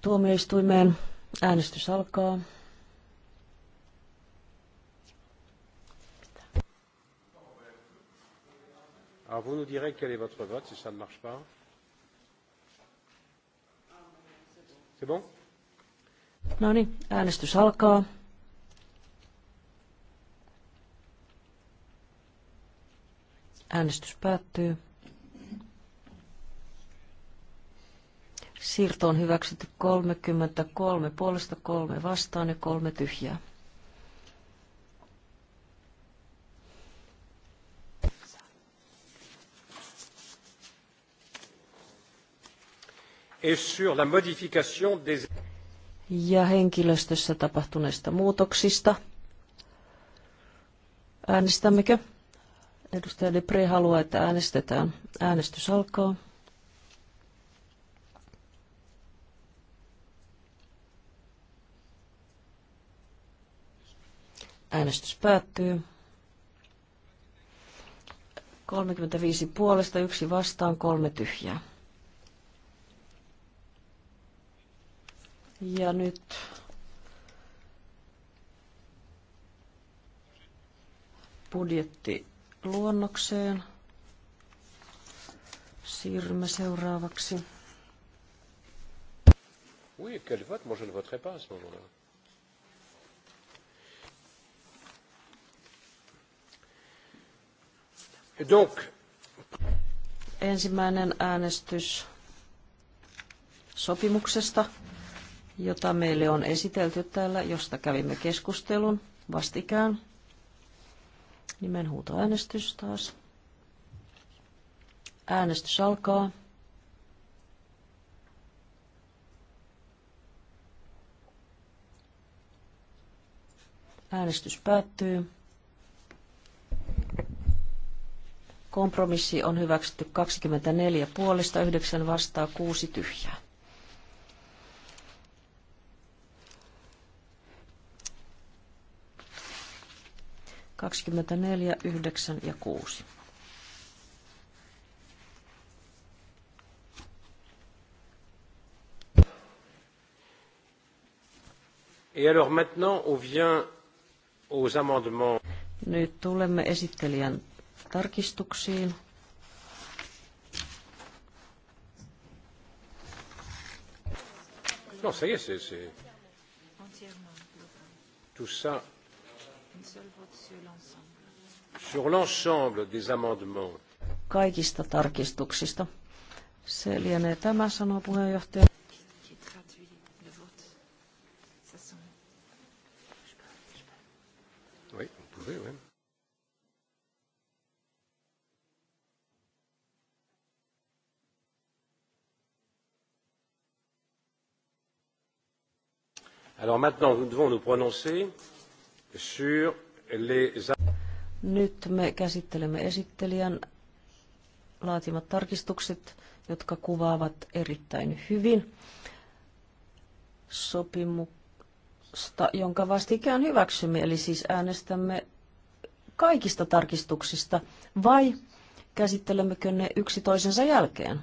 tuomioistuimeen. Äänestys alkaa. Alors vous nous direz quel est votre vote si ça ne marche pas. C'est bon No niin, äänestys alkaa. Äänestys päättyy. Siirto on hyväksytty 33 puolesta, kolme vastaan ja kolme tyhjää. Et sur la modification des... Ja henkilöstössä tapahtuneista muutoksista. Äänestämmekö? Edustaja Depre haluaa, että äänestetään. Äänestys alkaa. Äänestys päättyy. 35 puolesta, yksi vastaan, kolme tyhjää. Ja nyt budjetti luonnokseen. Siirrymme seuraavaksi. Oui, quel vote? Moi, je ne voterai pas à ce moment-là. Donc. Ensimmäinen äänestys sopimuksesta, jota meille on esitelty täällä, josta kävimme keskustelun vastikään. Nimenhuutoäänestys taas. Äänestys alkaa. Äänestys päättyy. Kompromissi on hyväksytty 24 puolesta, 9 vastaa, 6 tyhjää. Kaksikymmentäneljä, yhdeksän ja kuusi. Et alors maintenant, on vient aux amendements. Nyt tulemme esittelijän tarkistuksiin. No, se y se c'est... Tout ça... Sur l'ensemble des amendements. Kaikista tarkistuksista. Se lienee tämä, sanoo puheenjohtaja. Alors maintenant, nous devons nous prononcer sur les... Nyt me käsittelemme esittelijän laatimat tarkistukset, jotka kuvaavat erittäin hyvin sopimusta, jonka vastikään hyväksymme. Eli siis äänestämme kaikista tarkistuksista vai käsittelemmekö ne yksi toisensa jälkeen?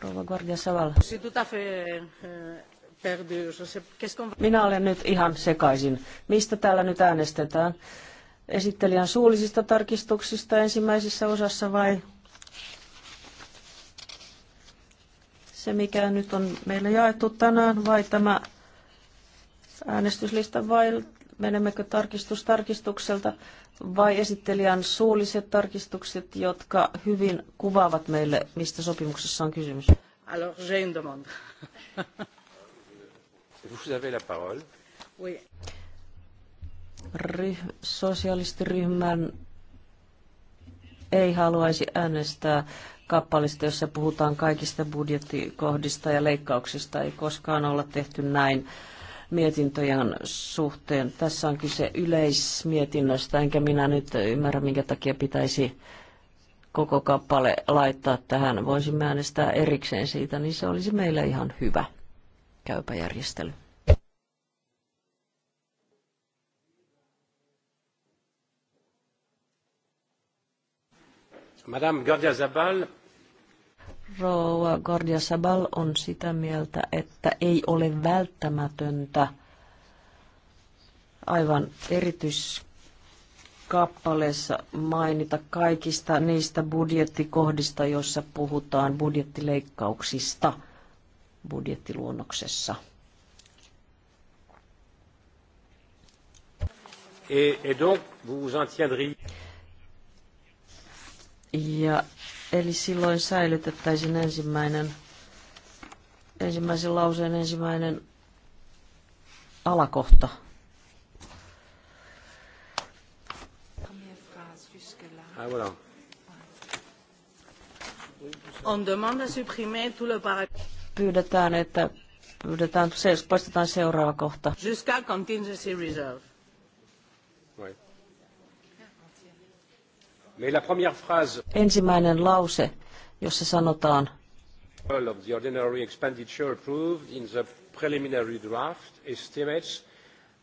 Rouva Guardia Savala. Minä olen nyt ihan sekaisin. Mistä täällä nyt äänestetään? Esittelijän suullisista tarkistuksista ensimmäisessä osassa vai se, mikä nyt on meille jaettu tänään, vai tämä äänestyslista, vai menemmekö tarkistus tarkistukselta, vai esittelijän suulliset tarkistukset, jotka hyvin kuvaavat meille, mistä sopimuksessa on kysymys? Alors, j'ai une demande. Vous avez la parole. Oui. Ryh, sosialistiryhmän ei haluaisi äänestää kappalista, jossa puhutaan kaikista budjettikohdista ja leikkauksista. Ei koskaan olla tehty näin mietintöjen suhteen. Tässä on kyse yleismietinnöstä, enkä minä nyt ymmärrä, minkä takia pitäisi koko kappale laittaa tähän. Voisimme äänestää erikseen siitä, niin se olisi meille ihan hyvä käypä järjestely. Madame Gardia Zabal. Rouva Gardia Sabal on sitä mieltä, että ei ole välttämätöntä aivan erityiskappaleessa mainita kaikista niistä budjettikohdista, joissa puhutaan budjettileikkauksista – budjettiluonnoksessa. Et, et donc, vous vous en tiendriez... Ja eli silloin säilytettäisiin ensimmäinen, ensimmäisen lauseen ensimmäinen alakohta. Ah, voilà. On demande à supprimer tout le paragraphe pyydetään, että pyydetään, se, poistetaan seuraava kohta. Jusqu'à contingency reserve. Oui. Mais la première phrase... Ensimmäinen lause, jossa sanotaan of the ordinary expenditure approved in the preliminary draft estimates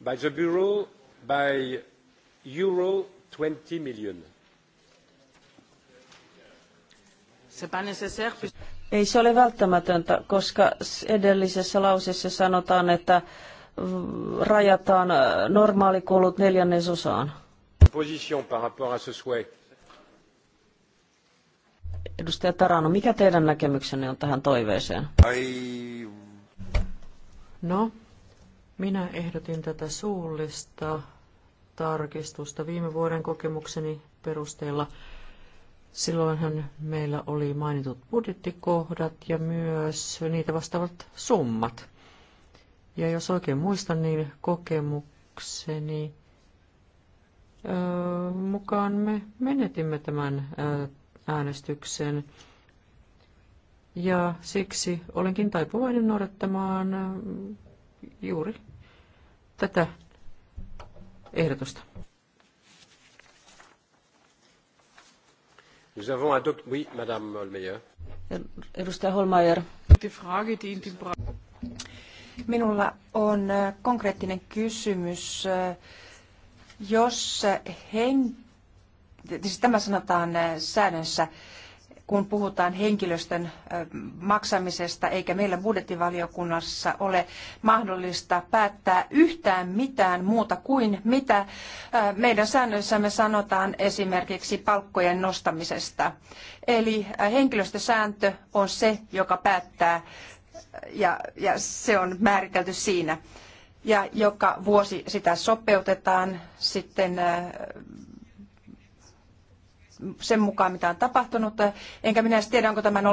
by the Bureau by euro 20 million. Ei se ole välttämätöntä, koska edellisessä lauseessa sanotaan, että rajataan normaalikulut neljännesosaan. Position par rapport à ce souhait. Edustaja Tarano, mikä teidän näkemyksenne on tähän toiveeseen? Ai... No, minä ehdotin tätä suullista tarkistusta viime vuoden kokemukseni perusteella. Silloinhan meillä oli mainitut budjettikohdat ja myös niitä vastaavat summat. Ja jos oikein muistan, niin kokemukseni ö, mukaan me menetimme tämän ö, äänestyksen. Ja siksi olenkin taipuvainen noudattamaan juuri tätä ehdotusta. Nous avons adopté... Oui, Madame Holmeyer. Edustaja Holmeyer. Minulla on äh, konkreettinen kysymys. Äh, jos äh, hen... Siis tämä sanotaan säännössä kun puhutaan henkilöstön maksamisesta, eikä meillä budjettivaliokunnassa ole mahdollista päättää yhtään mitään muuta kuin mitä meidän säännöissämme sanotaan esimerkiksi palkkojen nostamisesta. Eli henkilöstösääntö on se, joka päättää ja, ja se on määritelty siinä. Ja joka vuosi sitä sopeutetaan sitten sen mukaan, mitä on tapahtunut. Enkä minä edes tiedä, onko tämä 0,4,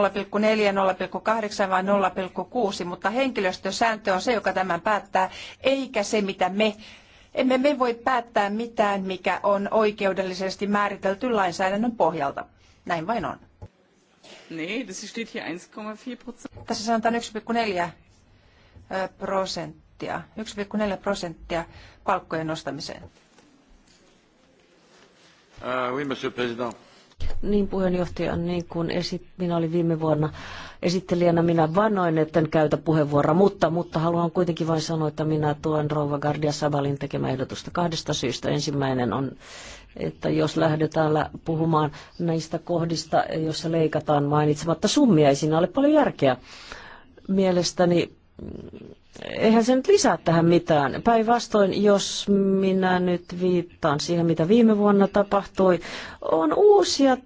0,8 vai 0,6, mutta henkilöstösääntö on se, joka tämän päättää, eikä se, mitä me emme me voi päättää mitään, mikä on oikeudellisesti määritelty lainsäädännön pohjalta. Näin vain on. Nee, das steht hier 1,4 Tässä sanotaan 1,4 äh, prosenttia. 1,4 prosenttia palkkojen nostamiseen. Uh, oui, Niin puheenjohtaja, niin kuin esit, minä olin viime vuonna esittelijänä, minä vannoin, etten käytä puheenvuoroa, mutta, mutta haluan kuitenkin vain sanoa, että minä tuen Rouva Gardia Sabalin tekemä ehdotusta kahdesta syystä. Ensimmäinen on, että jos lähdetään puhumaan näistä kohdista, joissa leikataan mainitsematta summia, ei siinä ole paljon järkeä. Mielestäni eihän se nyt lisää tähän mitään. Päinvastoin, jos minä nyt viittaan siihen, mitä viime vuonna tapahtui, on uusia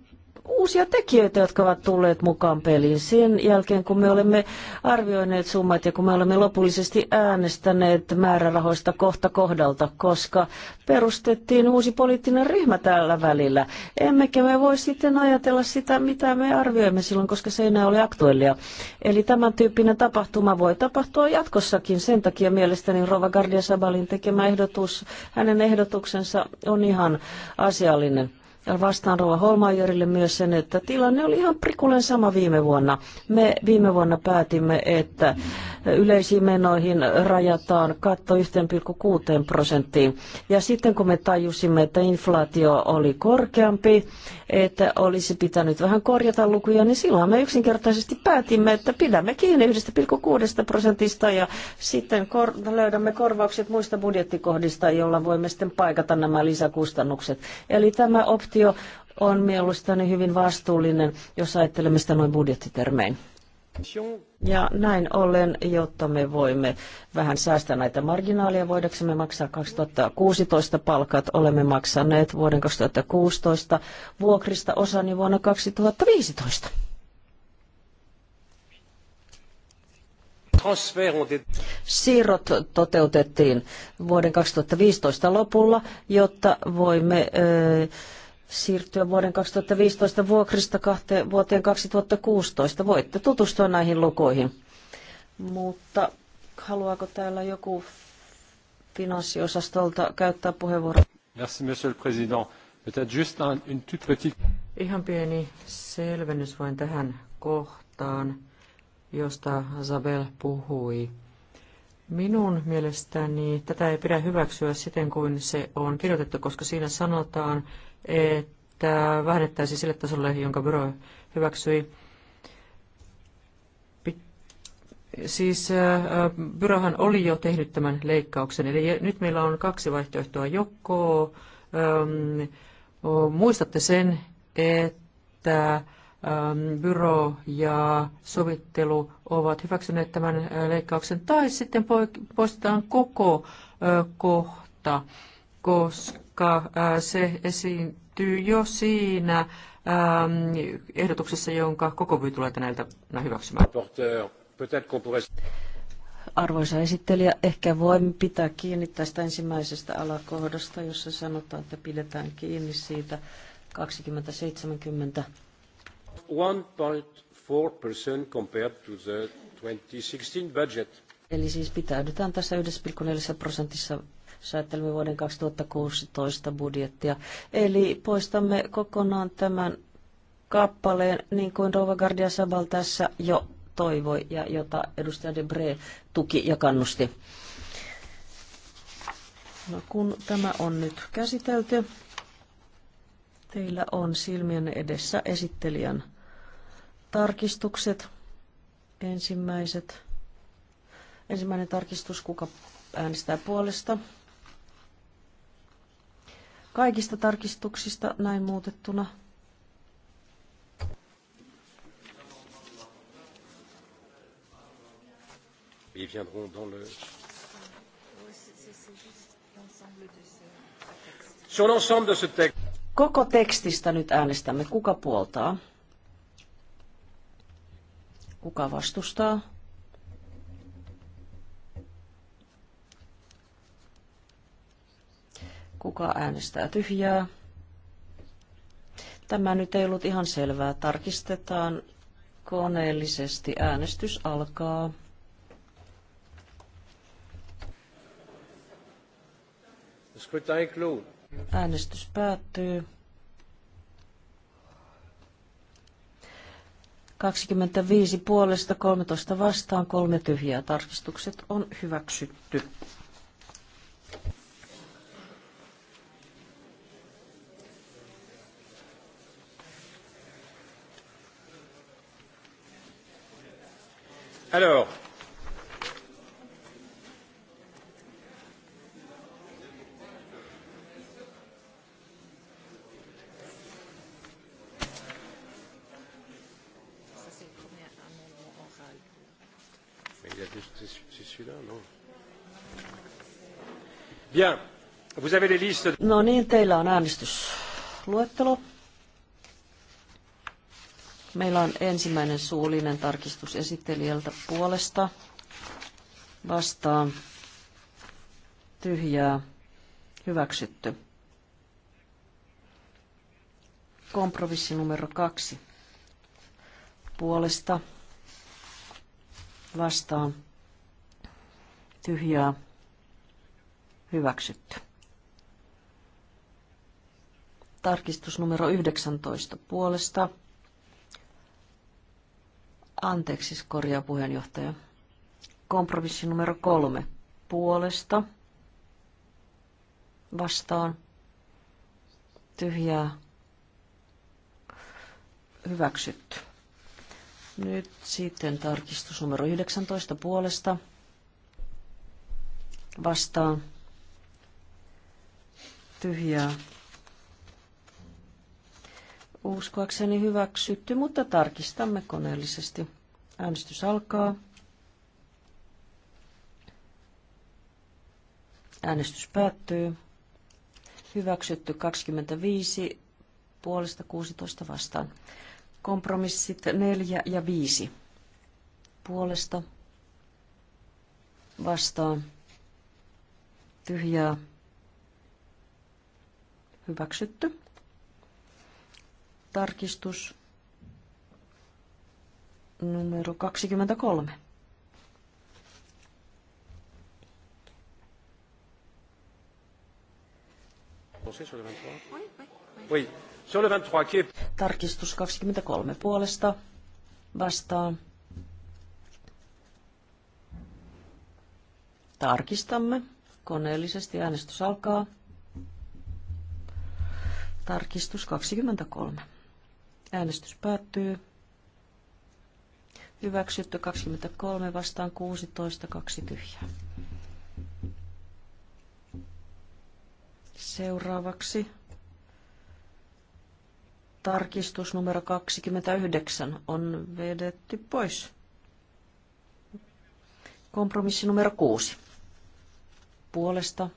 uusia tekijöitä, jotka ovat tulleet mukaan peliin. Sen jälkeen, kun me olemme arvioineet summat ja kun me olemme lopullisesti äänestäneet määrärahoista kohta kohdalta, koska perustettiin uusi poliittinen ryhmä tällä välillä. Emmekä me voi sitten ajatella sitä, mitä me arvioimme silloin, koska se ei enää ole aktuellia. Eli tämän tyyppinen tapahtuma voi tapahtua jatkossakin. Sen takia mielestäni Rova Gardia Sabalin tekemä ehdotus, hänen ehdotuksensa on ihan asiallinen. Ja vastaan Rova Holmajörille myös sen, että tilanne oli ihan prikulen sama viime vuonna. Me viime vuonna päätimme, että yleisiin menoihin rajataan katto 1,6 prosenttiin. Ja sitten kun me tajusimme, että inflaatio oli korkeampi, että olisi pitänyt vähän korjata lukuja, niin silloin me yksinkertaisesti päätimme, että pidämme kiinni 1,6 prosentista ja sitten kor- löydämme korvaukset muista budjettikohdista, joilla voimme sitten paikata nämä lisäkustannukset. Eli tämä optio on mielestäni hyvin vastuullinen, jos ajattelemme sitä noin budjettitermein. Ja näin ollen, jotta me voimme vähän säästää näitä marginaaleja, voidaksemme maksaa 2016 palkat, olemme maksaneet vuoden 2016 vuokrista osani vuonna 2015. Siirrot toteutettiin vuoden 2015 lopulla, jotta voimme... Öö, siirtyä vuoden 2015 vuokrista kahteen, vuoteen 2016. Voitte tutustua näihin lukuihin. Mutta haluaako täällä joku finanssiosastolta käyttää puheenvuoron? Merci, monsieur le président. Peut-être juste un, une toute petite... Ihan pieni selvennys vain tähän kohtaan, josta Zabel puhui. Minun mielestäni tätä ei pidä hyväksyä siten kuin se on kirjoitettu, koska siinä sanotaan, että vähennettäisiin sille tasolle, jonka byro hyväksyi. Siis äh, byrohan oli jo tehnyt tämän leikkauksen, eli nyt meillä on kaksi vaihtoehtoa. Joko ähm, muistatte sen, että Ähm, byro ja sovittelu ovat hyväksyneet tämän äh, leikkauksen, tai sitten poistetaan koko kohta, koska äh, se esiintyy jo siinä ähm, ehdotuksessa, jonka koko vyy tulee tänä hyväksymään. Arvoisa esittelijä, ehkä voimme pitää kiinni tästä ensimmäisestä alakohdasta, jossa sanotaan, että pidetään kiinni siitä 2070 1.4% compared to the 2016 budget. Eli siis pitäydytään tässä 1,4 prosentissa säätelemme vuoden 2016 budjettia. Eli poistamme kokonaan tämän kappaleen, niin kuin Rova Gardia Sabal tässä jo toivoi ja jota edustaja Debre tuki ja kannusti. No, kun tämä on nyt käsitelty, teillä on silmien edessä esittelijän Tarkistukset. Ensimmäiset. Ensimmäinen tarkistus, kuka äänestää puolesta. Kaikista tarkistuksista näin muutettuna Koko tekstistä nyt äänestämme. Kuka puoltaa? Kuka vastustaa? Kuka äänestää tyhjää? Tämä nyt ei ollut ihan selvää. Tarkistetaan koneellisesti. Äänestys alkaa. Äänestys päättyy. 25 puolesta, 13 vastaan, kolme tyhjää. Tarkistukset on hyväksytty. Alors, Bien. Vous avez les listes. No niin, teillä on äänestysluettelo. Meillä on ensimmäinen suullinen tarkistus esittelijältä puolesta. Vastaan. Tyhjää. Hyväksytty. Kompromissi numero kaksi. Puolesta. Vastaan. Tyhjää Hyväksytty. Tarkistus numero 19 puolesta. Anteeksi, korjaa puheenjohtaja. Kompromissi numero kolme puolesta. Vastaan. Tyhjää. Hyväksytty. Nyt sitten tarkistus numero 19 puolesta. Vastaan tyhjää. Uskoakseni hyväksytty, mutta tarkistamme koneellisesti. Äänestys alkaa. Äänestys päättyy. Hyväksytty 25 puolesta 16 vastaan. Kompromissit 4 ja 5 puolesta vastaan. Tyhjää Hyväksytty. Tarkistus numero 23. Tarkistus 23 puolesta vastaan. Tarkistamme. Koneellisesti äänestys alkaa. Tarkistus 23. Äänestys päättyy. Hyväksytty 23 vastaan 16, kaksi tyhjää. Seuraavaksi tarkistus numero 29 on vedetty pois. Kompromissi numero 6. Puolesta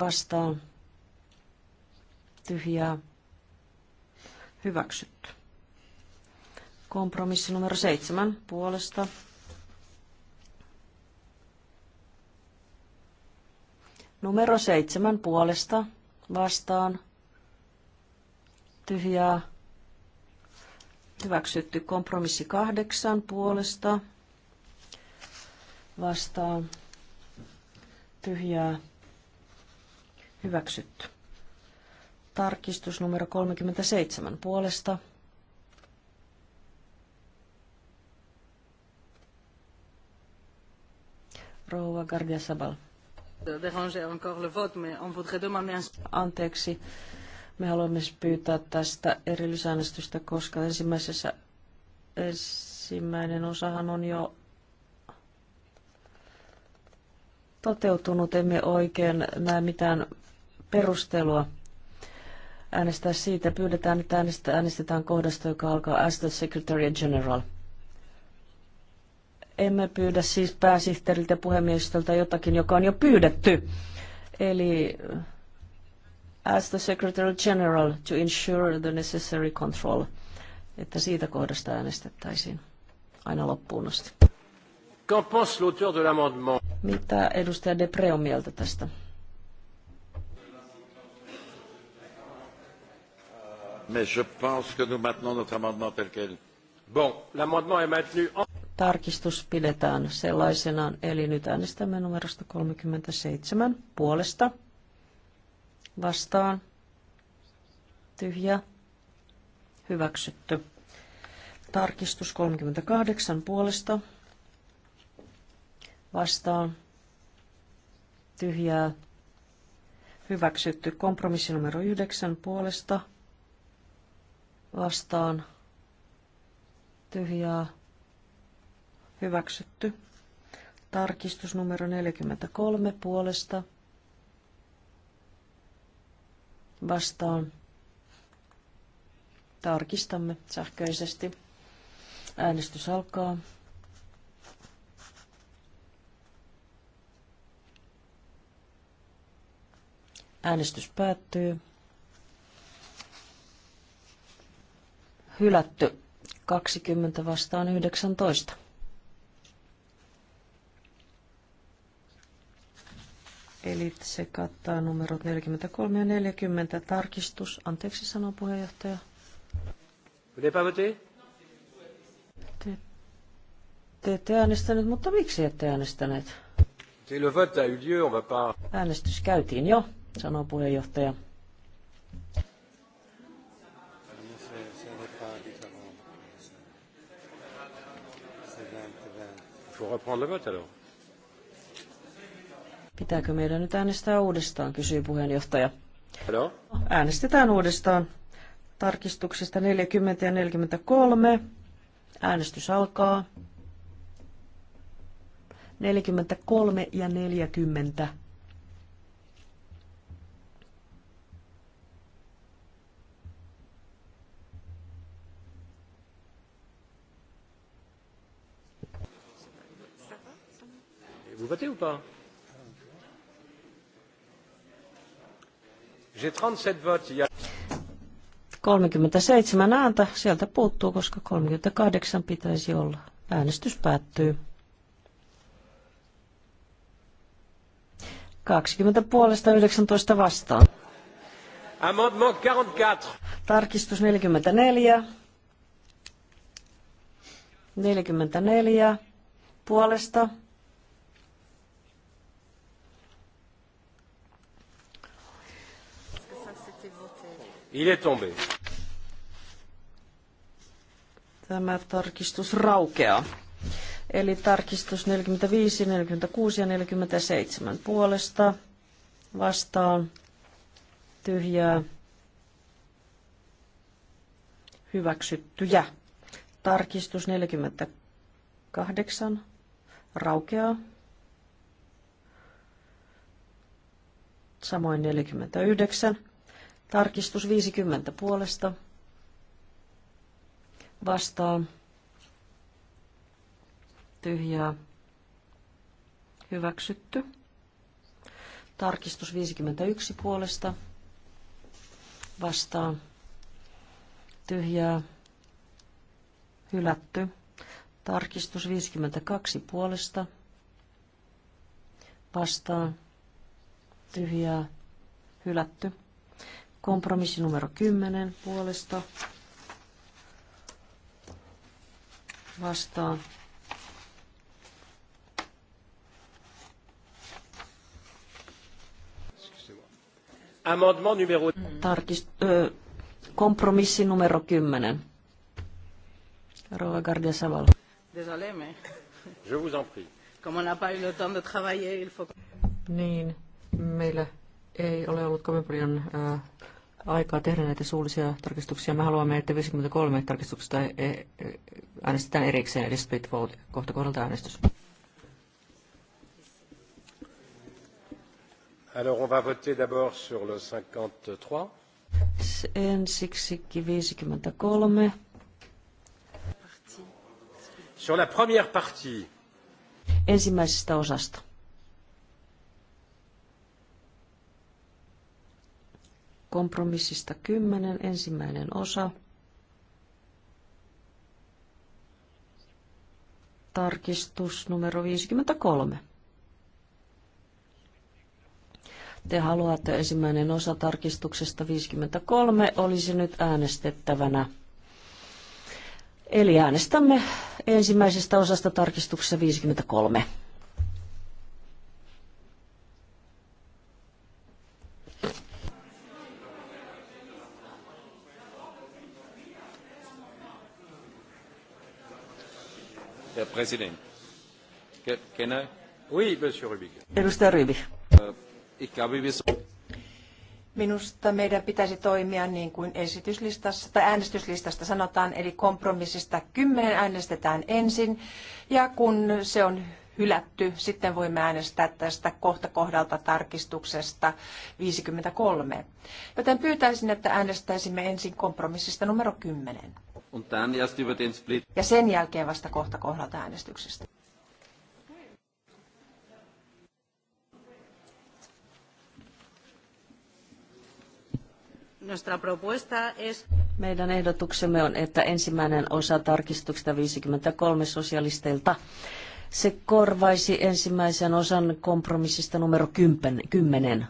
vastaan ja hyväksytty. Kompromissi numero seitsemän puolesta. Numero seitsemän puolesta vastaan tyhjää hyväksytty. Kompromissi kahdeksan puolesta vastaan tyhjää hyväksytty. Tarkistus numero 37 puolesta. Rouva Gardia Sabal. Anteeksi. Me haluamme siis pyytää tästä erillisäänestystä, koska ensimmäisessä ensimmäinen osahan on jo toteutunut. Emme oikein näe mitään perustelua äänestää siitä. Pyydetään, että äänestetään, äänestetään kohdasta, joka alkaa As the Secretary General. Emme pyydä siis pääsihteeriltä ja puhemiehistöltä jotakin, joka on jo pyydetty. Eli uh, as the Secretary General to ensure the necessary control, että siitä kohdasta äänestettäisiin aina loppuun asti. Mitä edustaja Depre on mieltä tästä? Tarkistus pidetään sellaisenaan, eli nyt äänestämme numerosta 37 puolesta. Vastaan. Tyhjä. Hyväksytty. Tarkistus 38 puolesta. Vastaan. Tyhjää. Hyväksytty. Kompromissi numero 9 puolesta vastaan tyhjää hyväksytty. Tarkistus numero 43 puolesta vastaan tarkistamme sähköisesti. Äänestys alkaa. Äänestys päättyy. hylätty 20 vastaan 19. Eli se kattaa numerot 43 ja 40. Tarkistus. Anteeksi, sanoo puheenjohtaja. Te, te ette äänestäneet, mutta miksi ette äänestäneet? Äänestys käytiin jo, sanoo puheenjohtaja. Il faut reprendre le vote alors. Pitääkö meidän nyt äänestää uudestaan, kysyy puheenjohtaja. Hello? Äänestetään uudestaan. Tarkistuksista 40 ja 43. Äänestys alkaa. 43 ja 40. vous votez ou pas J'ai 37 votes. Il y a... 37 ääntä sieltä puuttuu, koska 38 pitäisi olla. Äänestys päättyy. 20 puolesta 19 vastaan. Amendement 44. Tarkistus 44. 44 puolesta Il est tombé. Tämä tarkistus raukeaa. Eli tarkistus 45, 46 ja 47 puolesta vastaan tyhjää hyväksyttyjä. Tarkistus 48 raukeaa. Samoin 49 Tarkistus 50 puolesta. Vastaan. Tyhjää. Hyväksytty. Tarkistus 51 puolesta. Vastaan. Tyhjää. Hylätty. Tarkistus 52 puolesta. Vastaan. Tyhjää. Hylätty. Kompromissi numero 10 puolesta vastaan. Amendement numero... Tarkist, ö, kompromissi numero 10. Rova Gardia Saval. Désolé, mais... Je vous en prie. Comme on n'a pas eu le temps de travailler, il faut... Niin, meillä ei ole ollut kovin paljon äh, aikaa tehdä näitä suullisia tarkistuksia. Me haluamme, että 53 tarkistuksesta e, e, äänestetään erikseen, eli split vote, kohta kohdalta äänestys. Alors on va voter d'abord sur le 53. Ensiksi 53. Sur la première partie. Ensimmäisestä osasta. Kompromissista kymmenen ensimmäinen osa. Tarkistus numero 53. Te haluatte ensimmäinen osa tarkistuksesta 53 olisi nyt äänestettävänä. Eli äänestämme ensimmäisestä osasta tarkistuksessa 53. Uh, Minusta meidän pitäisi toimia niin kuin esityslistassa äänestyslistasta sanotaan, eli kompromissista kymmenen äänestetään ensin ja kun se on hylätty, sitten voimme äänestää tästä kohta kohdalta tarkistuksesta 53. Joten pyytäisin, että äänestäisimme ensin kompromissista numero kymmenen. Ja sen jälkeen vasta kohta kohdalta äänestyksestä. Meidän ehdotuksemme on, että ensimmäinen osa tarkistuksesta 53 sosialisteilta se korvaisi ensimmäisen osan kompromissista numero 10. 10.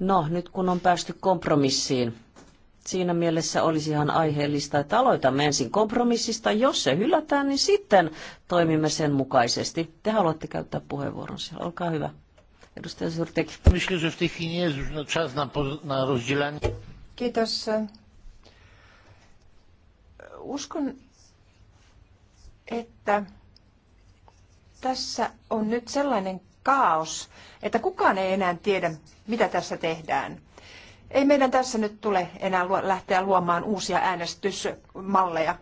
No, nyt kun on päästy kompromissiin, siinä mielessä olisi ihan aiheellista, että aloitamme ensin kompromissista. Jos se hylätään, niin sitten toimimme sen mukaisesti. Te haluatte käyttää puheenvuoron siellä. Olkaa hyvä. Edustaja Surtek. Kiitos. Uskon, että tässä on nyt sellainen kaos, että kukaan ei enää tiedä, mitä tässä tehdään. Ei meidän tässä nyt tule enää lähteä luomaan uusia äänestysmalleja.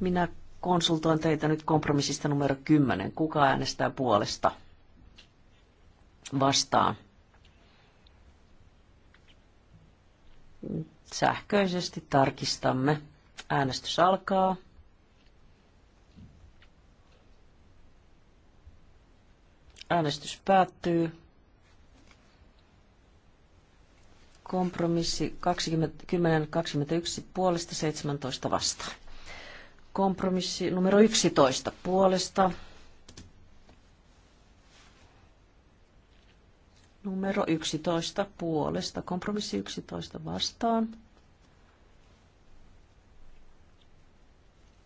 Minä konsultoin teitä nyt kompromissista numero 10. Kuka äänestää puolesta? Vastaan. Sähköisesti tarkistamme. Äänestys alkaa. Äänestys päättyy Kompromissi 20-21 puolesta 17 vastaan. Kompromissi numero 11 puolesta. Numero 11 puolesta. Kompromissi 11 vastaan.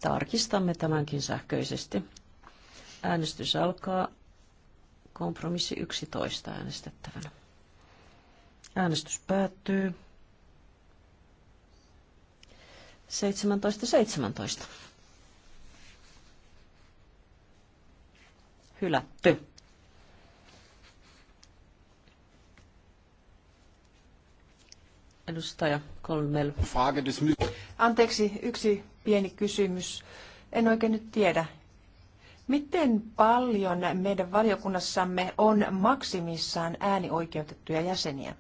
Tarkistamme tämänkin sähköisesti. Äänestys alkaa. Kompromissi 11 äänestettävänä. Äänestys päättyy. 17.17. Hylätty. Edustaja Kolmel. Anteeksi, yksi pieni kysymys. En oikein nyt tiedä, Miten paljon meidän valiokunnassamme on maksimissaan äänioikeutettuja jäseniä?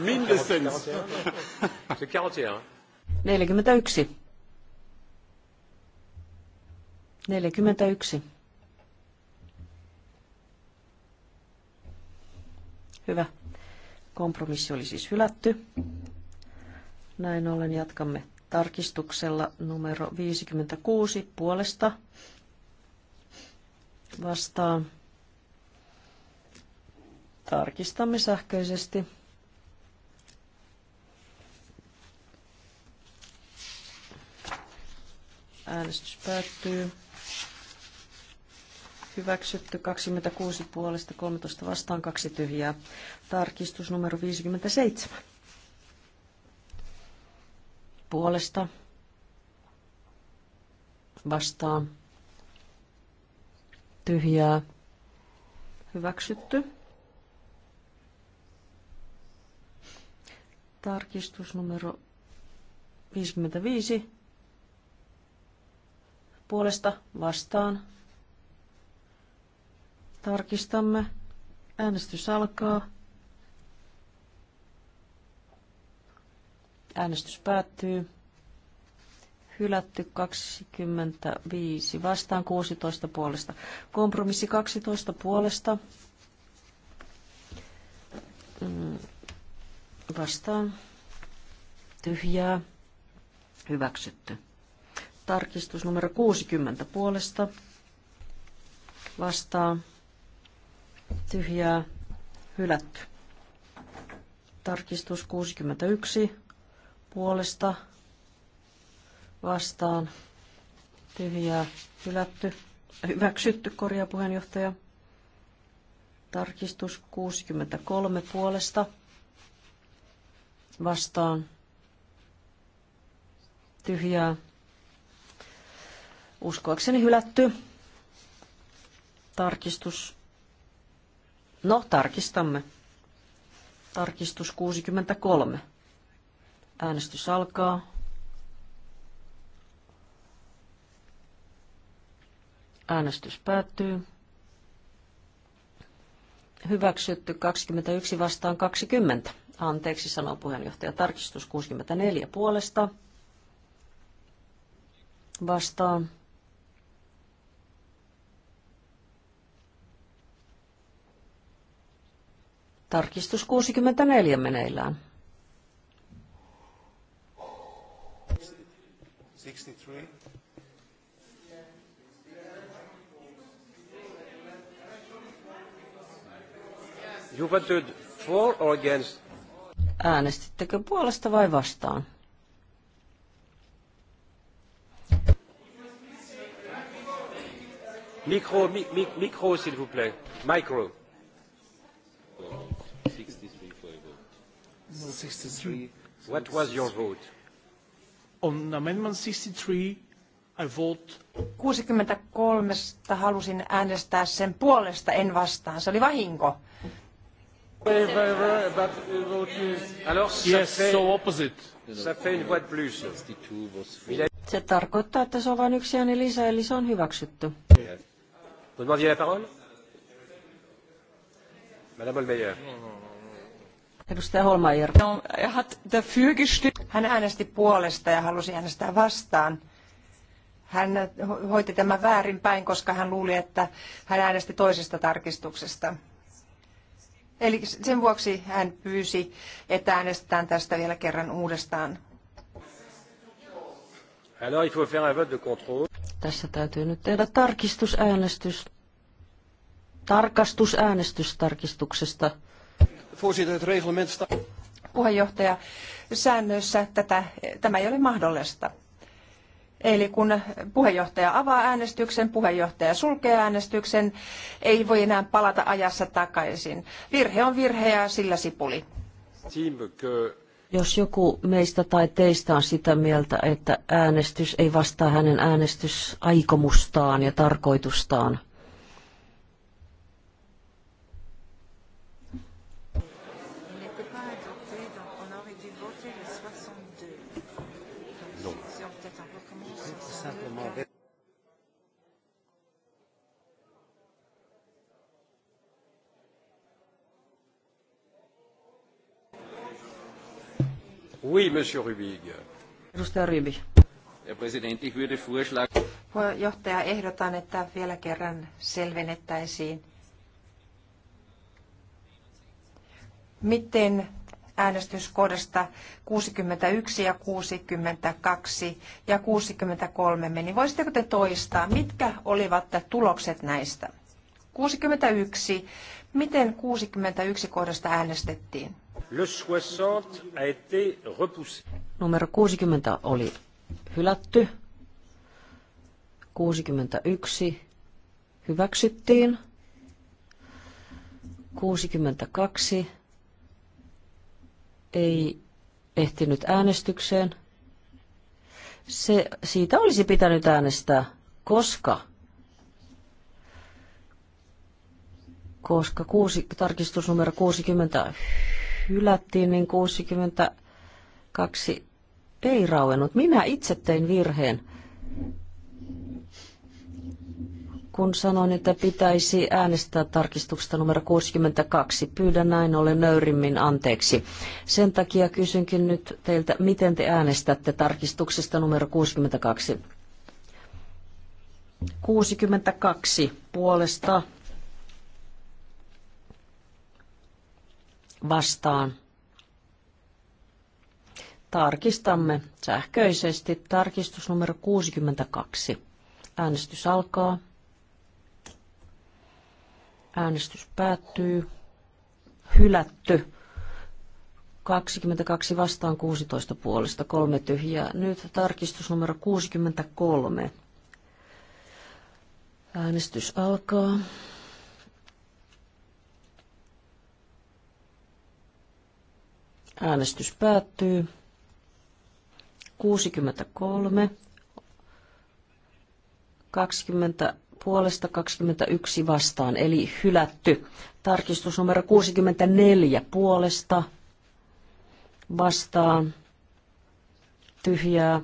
Mindestens. 41. 41. Hyvä. Kompromissi oli siis hylätty. Näin ollen jatkamme tarkistuksella numero 56 puolesta vastaan. Tarkistamme sähköisesti. Äänestys päättyy. Hyväksytty 26 puolesta, 13 vastaan, kaksi tyhjää. Tarkistus numero 57 puolesta vastaan tyhjää hyväksytty. Tarkistus numero 55 puolesta vastaan. Tarkistamme. Äänestys alkaa. Äänestys päättyy. Hylätty 25 vastaan 16 puolesta. Kompromissi 12 puolesta. Mm, vastaan. Tyhjää. Hyväksytty. Tarkistus numero 60 puolesta. Vastaan. Tyhjää. Hylätty. Tarkistus 61 puolesta vastaan tyhjää hylätty, äh, hyväksytty korjapuheenjohtaja. Tarkistus 63 puolesta vastaan tyhjää uskoakseni hylätty. Tarkistus. No, tarkistamme. Tarkistus 63. Äänestys alkaa. Äänestys päättyy. Hyväksytty 21 vastaan 20. Anteeksi, sanoo puheenjohtaja. Tarkistus 64 puolesta. Vastaan. Tarkistus 64 meneillään. 63. You voted for or against? Äänestittekö puolesta vai vastaan? Mikro, mi, mi, mikro, s'il vous plaît. Micro. 63 63. What was your vote? On amendment 63, I vote. 63 halusin äänestää sen puolesta, en vastaan. Se oli vahinko. Yes, so opposite. Se tarkoittaa, että se on vain yksi ääni lisää, eli se on hyväksytty. Vous demandiez la parole Madame Olmeyer. Non, non, non. Edustaja Holmeier. No, er hän äänesti puolesta ja halusi äänestää vastaan. Hän hoiti tämän väärinpäin, koska hän luuli, että hän äänesti toisesta tarkistuksesta. Eli sen vuoksi hän pyysi, että äänestetään tästä vielä kerran uudestaan. Tässä täytyy nyt tehdä tarkistusäänestys. Tarkastusäänestys tarkistuksesta. Voorzitter, het reglement staat... Puheenjohtaja, säännöissä tätä, tämä ei ole mahdollista. Eli kun puheenjohtaja avaa äänestyksen, puheenjohtaja sulkee äänestyksen, ei voi enää palata ajassa takaisin. Virhe on virhe ja sillä sipuli. Jos joku meistä tai teistä on sitä mieltä, että äänestys ei vastaa hänen äänestysaikomustaan ja tarkoitustaan, Oui, monsieur Rubig. Edustaja Rubig. Puheenjohtaja, ehdotan, että vielä kerran selvennettäisiin, miten äänestyskohdasta 61 ja 62 ja 63 meni. Voisitteko te toistaa, mitkä olivat tulokset näistä? 61. Miten 61 kohdasta äänestettiin? Numero 60 oli hylätty. 61 hyväksyttiin. 62 ei ehtinyt äänestykseen. Se, siitä olisi pitänyt äänestää, koska koska kuusi, tarkistus numero 60 hylättiin, niin 62 ei rauennut. Minä itse tein virheen, kun sanoin, että pitäisi äänestää tarkistuksesta numero 62. Pyydän näin ollen nöyrimmin anteeksi. Sen takia kysynkin nyt teiltä, miten te äänestätte tarkistuksesta numero 62. 62 puolesta vastaan. Tarkistamme sähköisesti tarkistus numero 62. Äänestys alkaa. Äänestys päättyy. Hylätty. 22 vastaan 16 puolesta, kolme tyhjää. Nyt tarkistus numero 63. Äänestys alkaa. Äänestys päättyy. 63. 20 puolesta 21 vastaan, eli hylätty. Tarkistus numero 64 puolesta vastaan, tyhjää.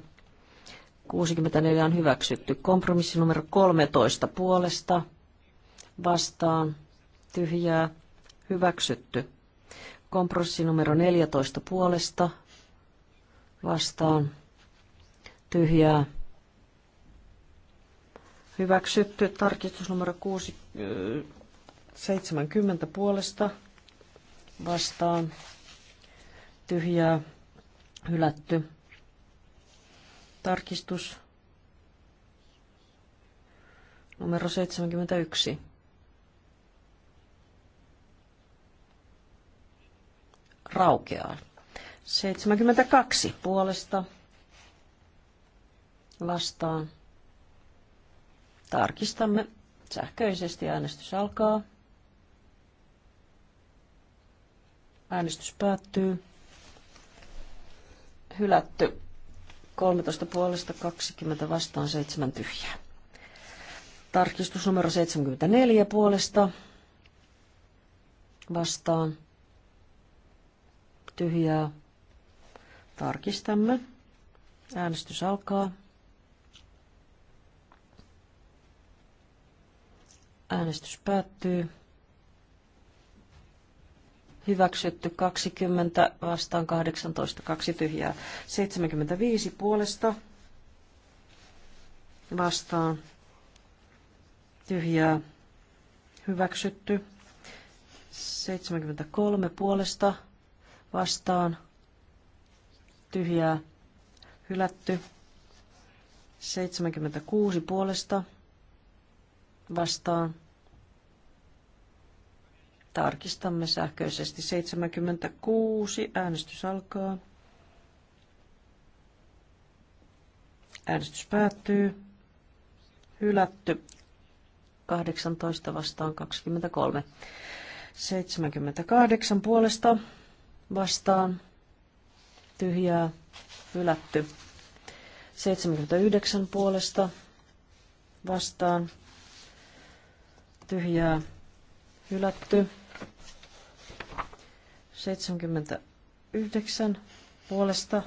64 on hyväksytty. Kompromissi numero 13 puolesta vastaan, tyhjää, hyväksytty. Kompromissi numero 14 puolesta vastaan tyhjää. Hyväksytty tarkistus numero 6, 70 puolesta vastaan tyhjää hylätty. Tarkistus numero 71 raukeaa. 72 puolesta vastaan. Tarkistamme sähköisesti. Äänestys alkaa. Äänestys päättyy. Hylätty 13 puolesta 20 vastaan 7 tyhjää. Tarkistus numero 74 puolesta vastaan tyhjää. Tarkistamme. Äänestys alkaa. Äänestys päättyy. Hyväksytty 20 vastaan 18, kaksi tyhjää. 75 puolesta vastaan tyhjää. Hyväksytty 73 puolesta vastaan tyhjää hylätty. 76 puolesta vastaan. Tarkistamme sähköisesti 76. Äänestys alkaa. Äänestys päättyy. Hylätty. 18 vastaan 23. 78 puolesta vastaan tyhjää hylätty. 79 puolesta vastaan tyhjää hylätty. 79 puolesta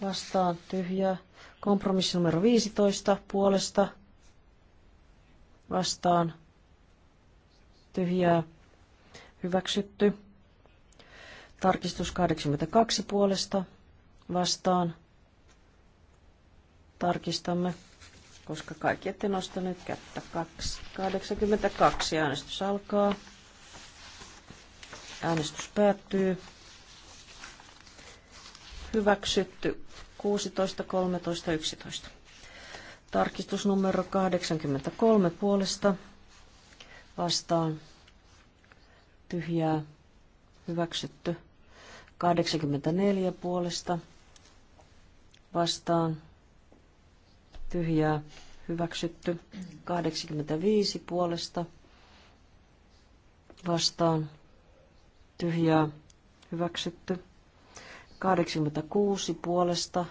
vastaan tyhjää. Kompromissi numero 15 puolesta vastaan tyhjää hyväksytty. Tarkistus 82 puolesta vastaan. Tarkistamme, koska kaikki ette nostaneet kättä. 82 äänestys alkaa. Äänestys päättyy. Hyväksytty 16, 13, 11. Tarkistus numero 83 puolesta vastaan tyhjää hyväksytty 84 puolesta vastaan tyhjää hyväksytty. 85 puolesta vastaan tyhjää hyväksytty. 86 puolesta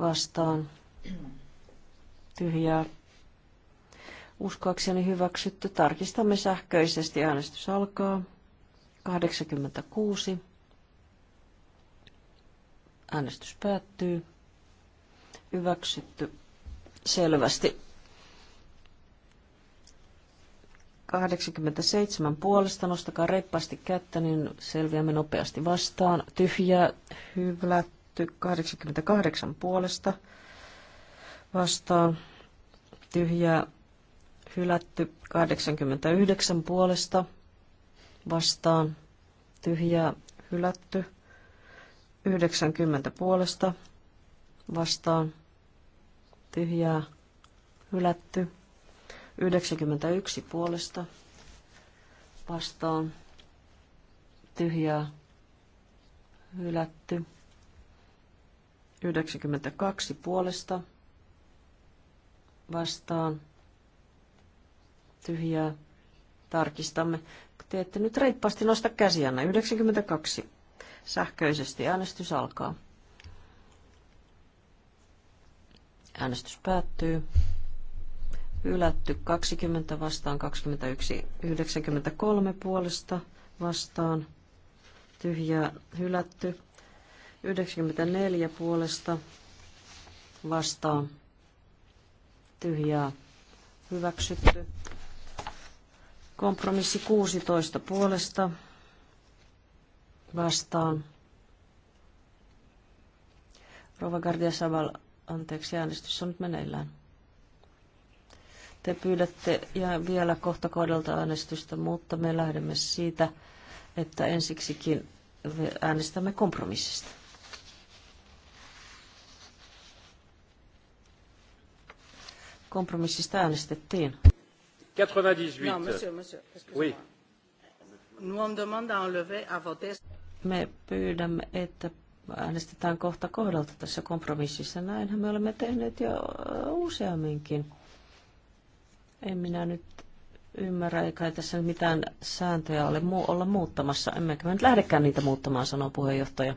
vastaan tyhjää uskoakseni hyväksytty. Tarkistamme sähköisesti. Äänestys alkaa. 86. Äänestys päättyy. Hyväksytty selvästi. 87 puolesta, nostakaa reippaasti kättä, niin selviämme nopeasti vastaan. Tyhjä, hylätty, 88 puolesta vastaan. Tyhjä, hylätty, 89 puolesta vastaan tyhjää hylätty. 90 puolesta vastaan tyhjää hylätty. 91 puolesta vastaan tyhjää hylätty. 92 puolesta vastaan tyhjää. Tarkistamme te ette nyt reippaasti nosta käsiänne. 92. Sähköisesti äänestys alkaa. Äänestys päättyy. Ylätty 20 vastaan 21. 93 puolesta vastaan. Tyhjää hylätty. 94 puolesta vastaan. Tyhjää hyväksytty. Kompromissi 16 puolesta vastaan. Rova Gardia Saval, anteeksi, äänestys on nyt meneillään. Te pyydätte ja vielä kohta kohdalta äänestystä, mutta me lähdemme siitä, että ensiksikin äänestämme kompromissista. Kompromissista äänestettiin. 98. Non, monsieur, monsieur, oui. Nous on demande à enlever à voter. Me pyydämme, että äänestetään kohta kohdalta tässä kompromississa. Näinhän me olemme tehneet jo useamminkin. En minä nyt ymmärrä, eikä tässä mitään sääntöjä ole mu- olla muuttamassa. Emmekä me nyt lähdekään niitä muuttamaan, sanoo puheenjohtaja.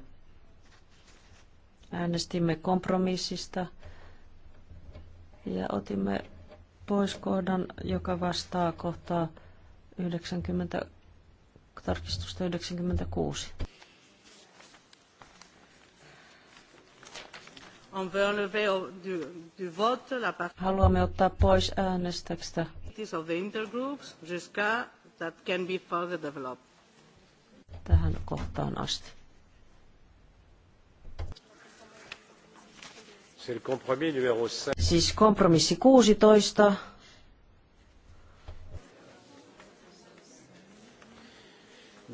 Äänestimme kompromissista ja otimme pois kohdan, joka vastaa kohtaa 90, tarkistusta 96. Haluamme ottaa pois äänestyksestä tähän kohtaan asti. Siis kompromissi 16.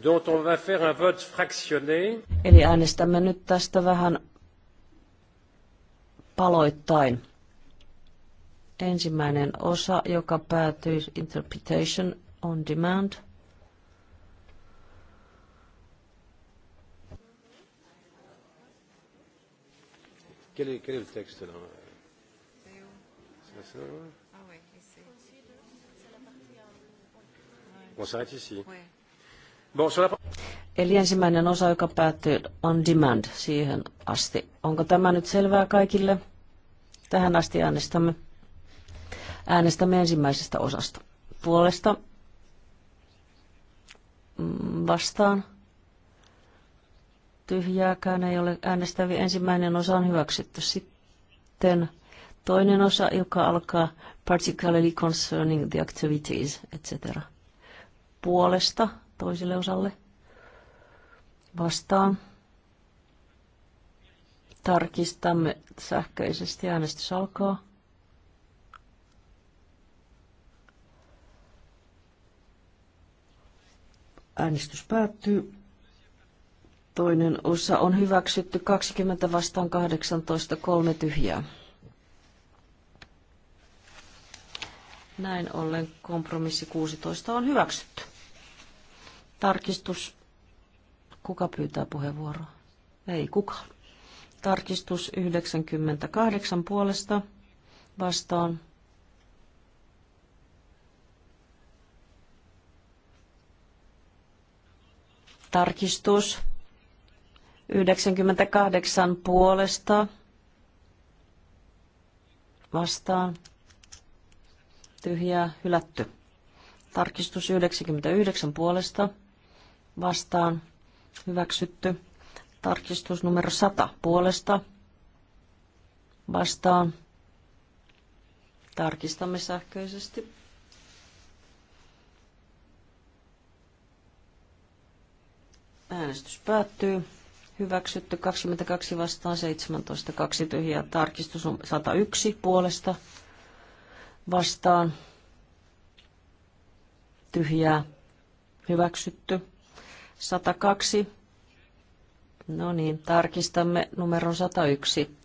Dont on va faire un vote fractionné. Eli äänestämme nyt tästä vähän paloittain. Ensimmäinen osa, joka päätyy interpretation on demand – Quel est, quel est le texte là C'est Ah On s'arrête ici. Ouais. Bon, sur la... Eli ensimmäinen osa, joka päättyy on demand siihen asti. Onko tämä nyt selvää kaikille? Tähän asti äänestämme. Äänestämme ensimmäisestä osasta. Puolesta mm, vastaan tyhjääkään ei ole äänestäviä. Ensimmäinen osa on hyväksytty. Sitten toinen osa, joka alkaa particularly concerning the activities, etc. Puolesta toiselle osalle vastaan. Tarkistamme sähköisesti. Äänestys alkaa. Äänestys päättyy. Toinen osa on hyväksytty 20 vastaan 18, kolme tyhjää. Näin ollen kompromissi 16 on hyväksytty. Tarkistus. Kuka pyytää puheenvuoroa? Ei kuka. Tarkistus 98 puolesta vastaan. Tarkistus 98 puolesta vastaan tyhjää hylätty. Tarkistus 99 puolesta vastaan hyväksytty. Tarkistus numero 100 puolesta vastaan. Tarkistamme sähköisesti. Äänestys päättyy hyväksytty 22 vastaan 17, kaksi tyhjää, tarkistus on 101 puolesta vastaan, tyhjää, hyväksytty 102, no niin, tarkistamme numeron 101.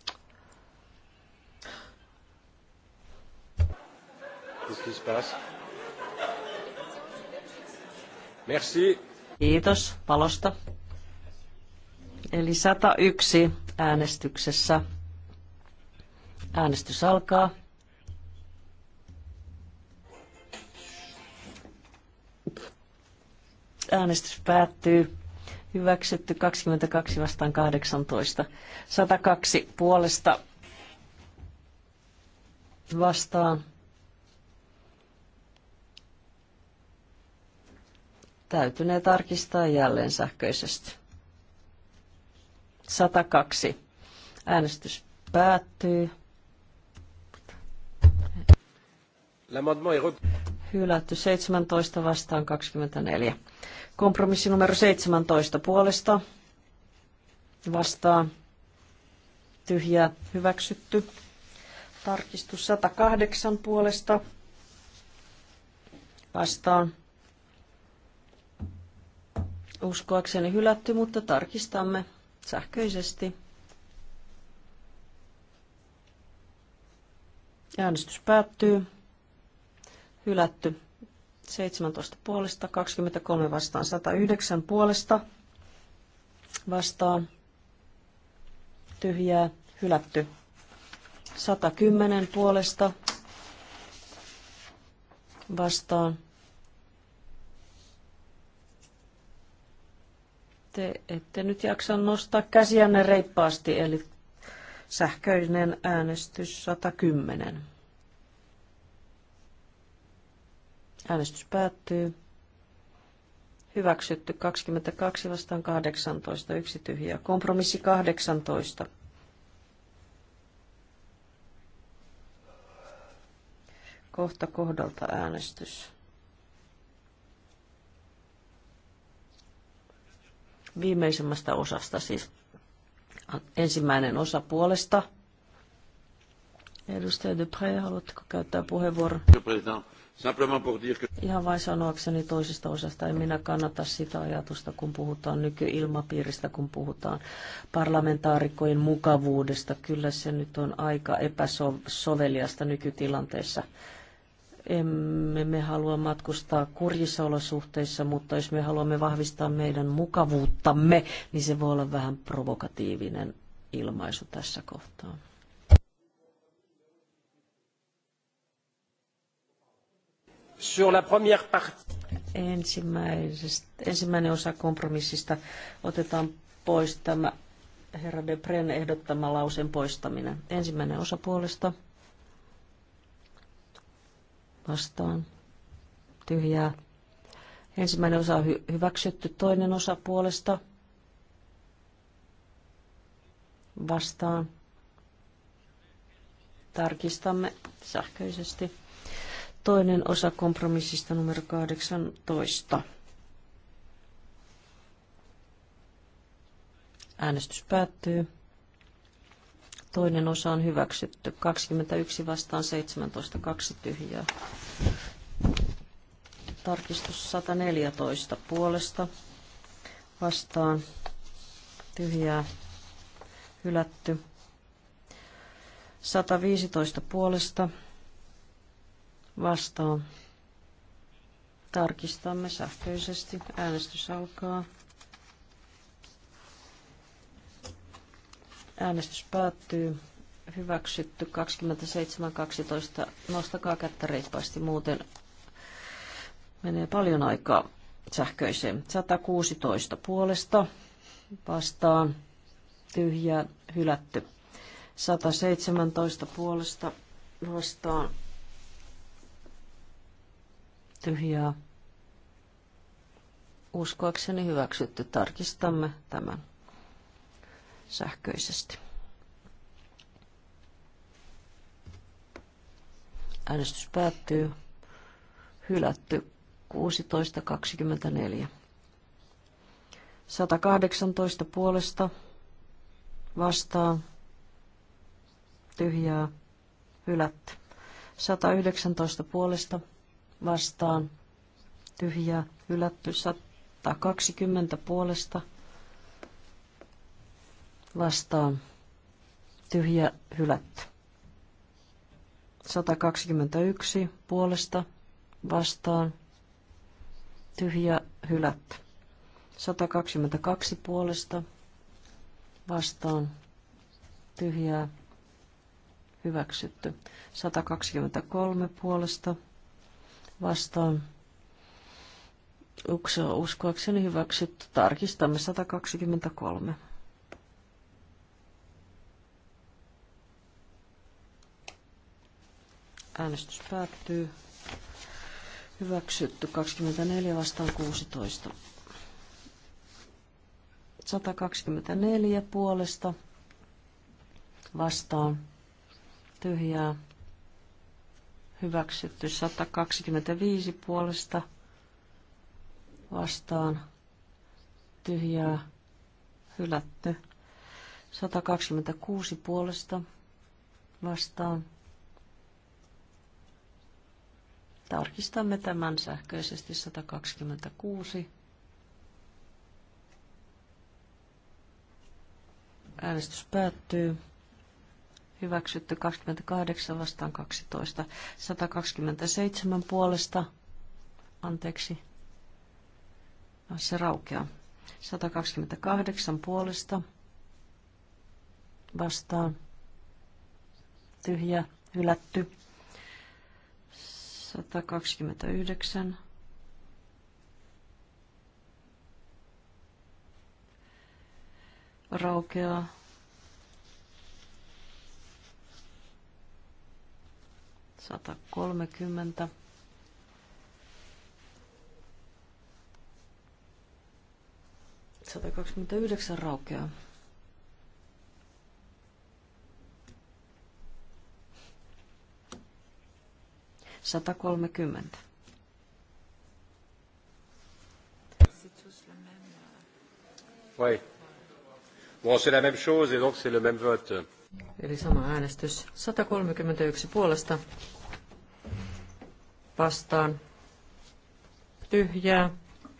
Kiitos palosta. Eli 101 äänestyksessä. Äänestys alkaa. Äänestys päättyy. Hyväksytty 22 vastaan 18. 102 puolesta vastaan. Täytynee tarkistaa jälleen sähköisesti. 102. Äänestys päättyy. Hylätty 17 vastaan 24. Kompromissi numero 17 puolesta vastaan tyhjää hyväksytty. Tarkistus 108 puolesta vastaan. Uskoakseni hylätty, mutta tarkistamme sähköisesti. Äänestys päättyy. Hylätty 17 puolesta, 23 vastaan, 109 puolesta vastaan, tyhjää, hylätty 110 puolesta vastaan, te ette nyt jaksa nostaa käsiänne reippaasti, eli sähköinen äänestys 110. Äänestys päättyy. Hyväksytty 22 vastaan 18, yksi tyhjä. Kompromissi 18. Kohta kohdalta äänestys. viimeisemmästä osasta, siis ensimmäinen osa puolesta. Edustaja Dupré, haluatteko käyttää puheenvuoron? Ihan vain sanoakseni toisesta osasta, en minä kannata sitä ajatusta, kun puhutaan nykyilmapiiristä, kun puhutaan parlamentaarikkojen mukavuudesta. Kyllä se nyt on aika epäsoveliasta nykytilanteessa. Emme me halua matkustaa kurjissa olosuhteissa, mutta jos me haluamme vahvistaa meidän mukavuuttamme, niin se voi olla vähän provokatiivinen ilmaisu tässä kohtaa. sur la première partie. Ensimmäinen osa kompromissista otetaan pois tämä herra Depren ehdottama lauseen poistaminen. Ensimmäinen osa puolesta vastaan tyhjää. Ensimmäinen osa on hy- hyväksytty, toinen osa puolesta vastaan. Tarkistamme sähköisesti. Toinen osa kompromissista numero 18. Äänestys päättyy. Toinen osa on hyväksytty. 21 vastaan 17, kaksi tyhjää. Tarkistus 114 puolesta vastaan tyhjää hylätty. 115 puolesta vastaan. Tarkistamme sähköisesti. Äänestys alkaa. Äänestys päättyy. Hyväksytty 27.12. Nostakaa kättä reippaasti, muuten menee paljon aikaa sähköiseen. 116 puolesta vastaan tyhjää hylätty. 117 puolesta vastaan tyhjää. Uskoakseni hyväksytty. Tarkistamme tämän sähköisesti. Äänestys päättyy. Hylätty 16.24. 118 puolesta vastaan tyhjää hylätty. 119 puolesta vastaan tyhjää hylätty. 120 puolesta vastaan vastaan tyhjä hylätty. 121 puolesta vastaan tyhjä hylätty. 122 puolesta vastaan tyhjää hyväksytty. 123 puolesta vastaan Uksa uskoakseni hyväksytty. Tarkistamme 123. Äänestys päättyy. Hyväksytty 24 vastaan 16. 124 puolesta vastaan tyhjää. Hyväksytty 125 puolesta vastaan tyhjää. Hylätty 126 puolesta vastaan Tarkistamme tämän sähköisesti 126. Äänestys päättyy. Hyväksytty 28 vastaan 12. 127 puolesta. Anteeksi. No, se raukeaa. 128 puolesta. Vastaan. Tyhjä. Hylätty. 129. Raukeaa. Sata kolmekymmentä. Sata kaksikymmentä yhdeksän raukeaa. 130. Oui. Bon, c'est la même chose et donc c'est le même vote. Eli sama äänestys. 131 puolesta vastaan. Tyhjää.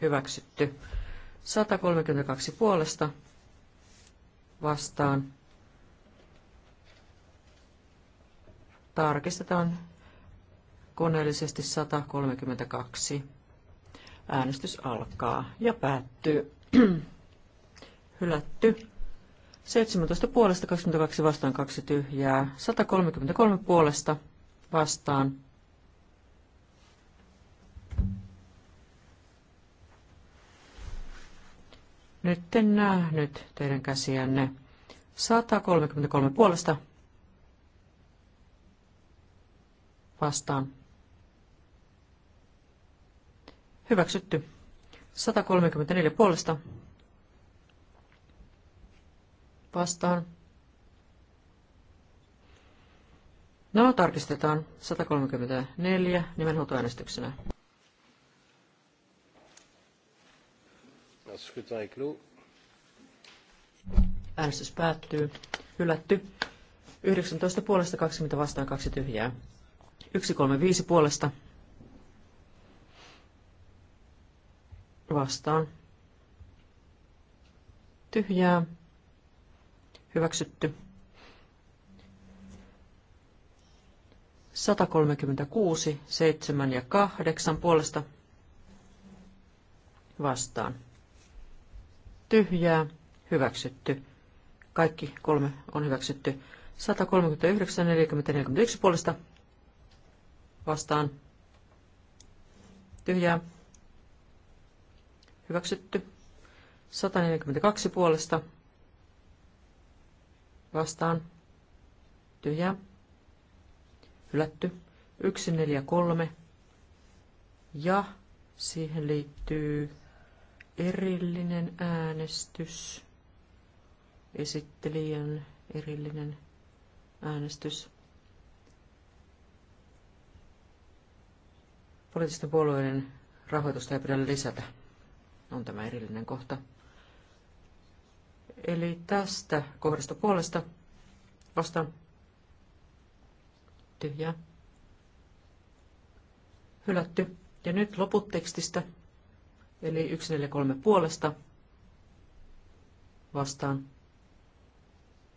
Hyväksytty. 132 puolesta vastaan. Tarkistetaan Koneellisesti 132. Äänestys alkaa ja päättyy. Hylätty. 17 puolesta, 22 vastaan, 2 tyhjää. 133 puolesta vastaan. Nyt en nähnyt teidän käsiänne. 133 puolesta vastaan. Hyväksytty. 134 puolesta. Vastaan. No, tarkistetaan. 134 nimenhuutoäänestyksenä. Äänestys päättyy. Hylätty. 19 puolesta 20 vastaan 2 tyhjää. 135 puolesta vastaan. Tyhjää. Hyväksytty. 136, 7 ja 8 puolesta vastaan. Tyhjää. Hyväksytty. Kaikki kolme on hyväksytty. 139, 40, 41 puolesta vastaan. Tyhjää Hyväksytty. 142 puolesta. Vastaan. tyhjä Hylätty. 143. Ja siihen liittyy erillinen äänestys. Esittelijän erillinen äänestys. Poliittisten puolueiden rahoitusta ei pidä lisätä on tämä erillinen kohta. Eli tästä kohdasta puolesta vastaan tyhjää, hylätty. Ja nyt loput tekstistä, eli 143 puolesta vastaan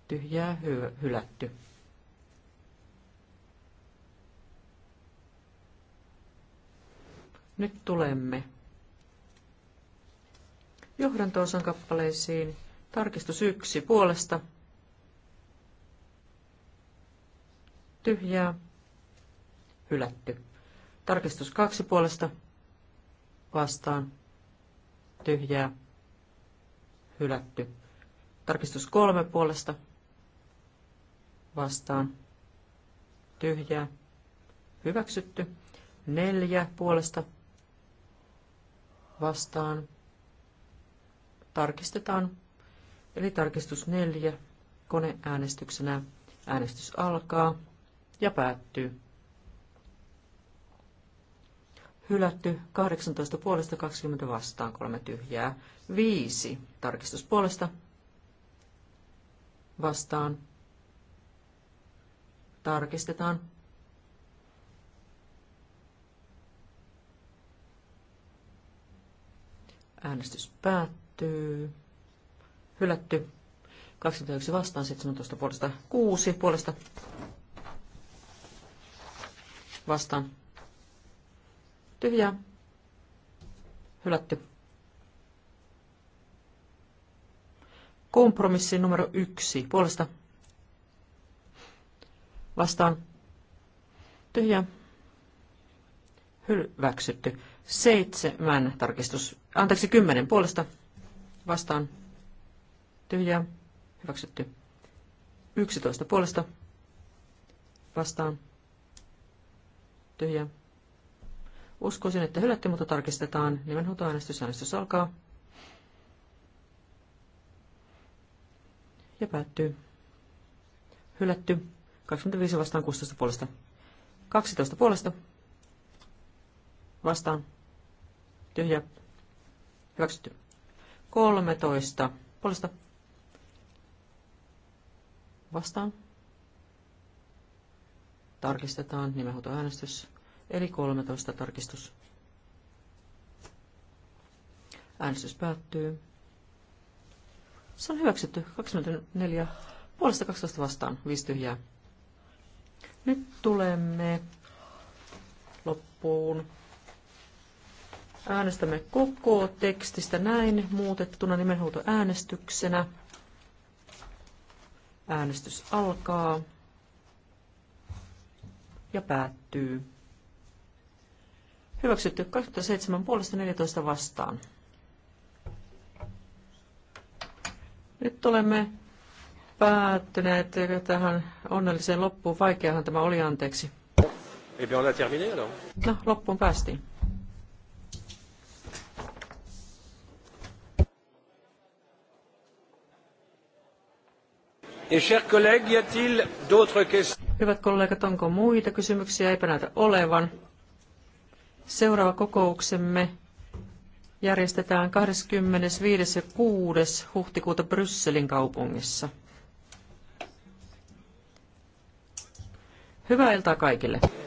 tyhjää, hy- hylätty. Nyt tulemme Johdantoosan kappaleisiin. Tarkistus yksi puolesta. Tyhjää. Hylätty. Tarkistus kaksi puolesta. Vastaan. Tyhjää. Hylätty. Tarkistus kolme puolesta. Vastaan. Tyhjää. Hyväksytty. Neljä puolesta. Vastaan Tarkistetaan. Eli tarkistus 4 koneäänestyksenä. Äänestys alkaa ja päättyy. Hylätty 18 puolesta 20 vastaan, kolme tyhjää. 5 tarkistus puolesta vastaan. Tarkistetaan. Äänestys päättyy hylätty, Hylätty. 21 vastaan, 17 puolesta 6 puolesta vastaan. Tyhjää. Hylätty. Kompromissi numero yksi puolesta vastaan. Tyhjää. Hyväksytty. Seitsemän tarkistus. Anteeksi, kymmenen puolesta vastaan tyhjää hyväksytty. 11 puolesta vastaan tyhjää. Uskoisin, että hylätty, mutta tarkistetaan. Nimenhuutoäänestys äänestys alkaa. Ja päättyy. Hylätty. 25 vastaan 16 puolesta. 12 puolesta. Vastaan. Tyhjä. Hyväksytty. 13 puolesta vastaan. Tarkistetaan nimenhuutoäänestys, eli 13 tarkistus. Äänestys päättyy. Se on hyväksytty. 24 puolesta 12 vastaan. 5 tyhjää. Nyt tulemme loppuun. Äänestämme koko tekstistä näin muutettuna nimenhuutoäänestyksenä. Äänestys alkaa ja päättyy. Hyväksytty 27 puolesta 14 vastaan. Nyt olemme päättyneet tähän onnelliseen loppuun. Vaikeahan tämä oli, anteeksi. Eh no, loppuun päästiin. Hyvät kollegat, onko muita kysymyksiä? Eipä näytä olevan. Seuraava kokouksemme järjestetään 25. ja 6. huhtikuuta Brysselin kaupungissa. Hyvää iltaa kaikille.